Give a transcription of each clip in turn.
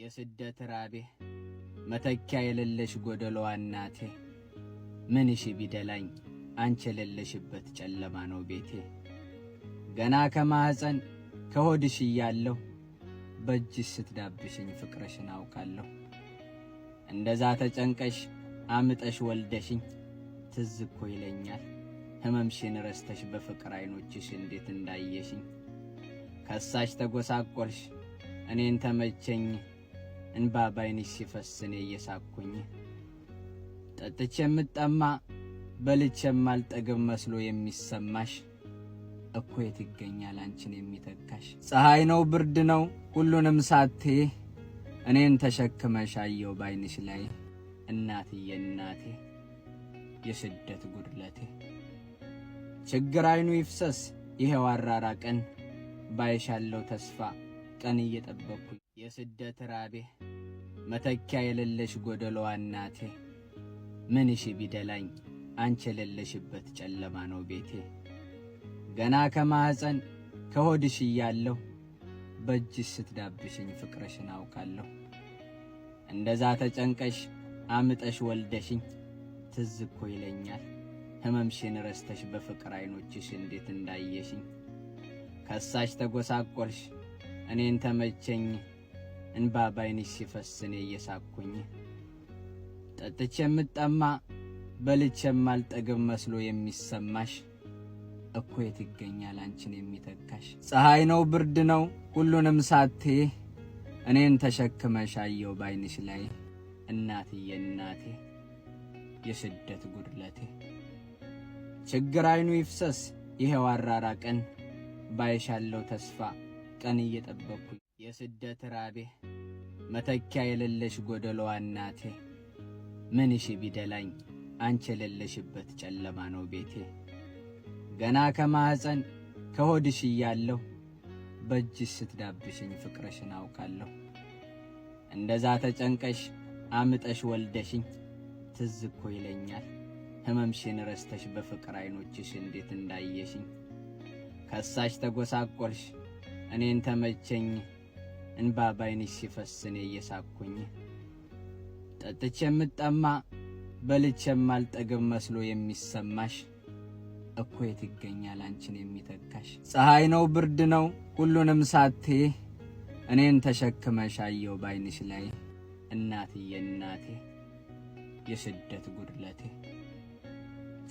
የስደት ራቤ መተኪያ የሌለሽ ጎደሎዋ እናቴ ምንሽ ቢደላኝ አንቺ የሌለሽበት ጨለማ ነው ቤቴ። ገና ከማኅፀን ከሆድሽ እያለሁ በእጅሽ ስትዳብሽኝ ፍቅረሽን አውቃለሁ። እንደዛ ተጨንቀሽ አምጠሽ ወልደሽኝ ትዝ እኮ ይለኛል ሕመምሽን ረስተሽ በፍቅር ዐይኖችሽ እንዴት እንዳየሽኝ። ከሳሽ ተጐሳቈልሽ እኔን ተመቸኝ እንባ ባይንሽ ሲፈስኔ እየሳኩኝ ጠጥቼ የምጠማ በልቼ የማልጠግብ መስሎ የሚሰማሽ እኮ የት ይገኛል አንቺን የሚተካሽ? ፀሐይ ነው ብርድ ነው ሁሉንም ሳቴ እኔን ተሸክመሽ አየው ባይንሽ ላይ እናትዬ እናቴ የስደት ጉድለቴ ችግር አይኑ ይፍሰስ ይሄው አራራቀን ባይሻለው ተስፋ ቀን እየጠበቅኩኝ የስደት ራቤ መተኪያ የሌለሽ ጎደሎዋ እናቴ ምንሽ ቢደላኝ አንቺ የሌለሽበት ጨለማ ነው ቤቴ። ገና ከማኅፀን ከሆድሽ እያለሁ በእጅሽ ስትዳብሽኝ ፍቅርሽን አውቃለሁ። እንደዛ ተጨንቀሽ አምጠሽ ወልደሽኝ ትዝ እኮ ይለኛል ሕመምሽን ረስተሽ በፍቅር ዐይኖችሽ እንዴት እንዳየሽኝ። ከሳሽ ተጐሳቈልሽ እኔን ተመቸኝ እንባ ባይንሽ ሲፈስኔ እየሳኩኝ ጠጥቼ የምጠማ በልቼ የማልጠግብ መስሎ የሚሰማሽ እኮ የት ይገኛል አንቺን የሚተካሽ? ፀሐይ ነው ብርድ ነው ሁሉንም ሳቴ እኔን ተሸክመሽ አየው ባይንሽ ላይ እናትዬ እናቴ የስደት ጉድለቴ ችግር አይኑ ይፍሰስ ይሄው ቀን ባይሻለው ተስፋ ቀን እየጠበቅኩኝ የስደት ራቤ መተኪያ የሌለሽ ጎደሎዋ እናቴ ምንሽ ቢደላኝ አንቺ የሌለሽበት ጨለማ ነው ቤቴ። ገና ከማኅፀን ከሆድሽ እያለሁ በእጅሽ ስትዳብሽኝ ፍቅረሽን አውቃለሁ። እንደዛ ተጨንቀሽ አምጠሽ ወልደሽኝ ትዝ እኮ ይለኛል ሕመምሽን ረስተሽ በፍቅር ዐይኖችሽ እንዴት እንዳየሽኝ ከሳሽ ተጐሳቈልሽ እኔን ተመቸኝ እንባ ባይንሽ ሲፈስኔ እየሳኩኝ ጠጥቼ የምጠማ በልቼ የማልጠግብ መስሎ የሚሰማሽ እኮ የት ይገኛል አንቺን የሚተካሽ? ፀሐይ ነው ብርድ ነው ሁሉንም ሳቴ እኔን ተሸክመሽ አየው ባይንሽ ላይ እናትዬ እናቴ የስደት ጉድለቴ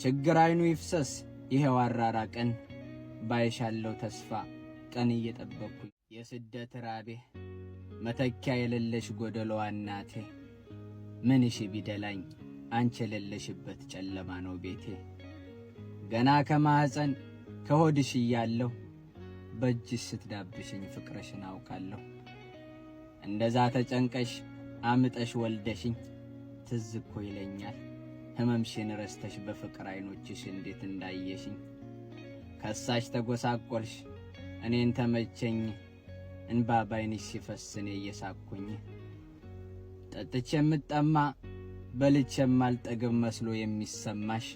ችግር አይኑ ይፍሰስ ይሄው አራራ ቀን ባይሻለው ተስፋ ቀን እየጠበቅኩኝ የስደት ራቤ መተኪያ የሌለሽ ጎደሎዋ እናቴ ምንሽ ቢደላኝ አንቺ የሌለሽበት ጨለማ ነው ቤቴ። ገና ከማኅፀን ከሆድሽ እያለሁ በእጅሽ ስትዳብሽኝ ፍቅረሽን አውቃለሁ። እንደዛ ተጨንቀሽ አምጠሽ ወልደሽኝ ትዝ እኮ ይለኛል ሕመምሽን ረስተሽ በፍቅር አይኖችሽ እንዴት እንዳየሽኝ ከሳሽ ተጎሳቆልሽ እኔን ተመቸኝ እንባ ባይንሽ ሲፈስኔ እየሳኩኝ ጠጥቼ የምጠማ በልቼ የማልጠግብ መስሎ የሚሰማሽ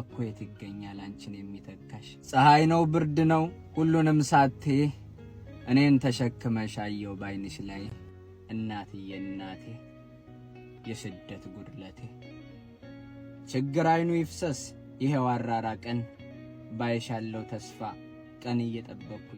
እኮ የት ይገኛል አንቺን የሚተካሽ? ፀሐይ ነው ብርድ ነው ሁሉንም ሳቴ እኔን ተሸክመሽ አየው ባይንሽ ላይ እናትዬ እናቴ የስደት ጉድለቴ ችግር አይኑ ይፍሰስ ይሄው ቀን ባይሻለው ተስፋ ቀን እየጠበቅኩኝ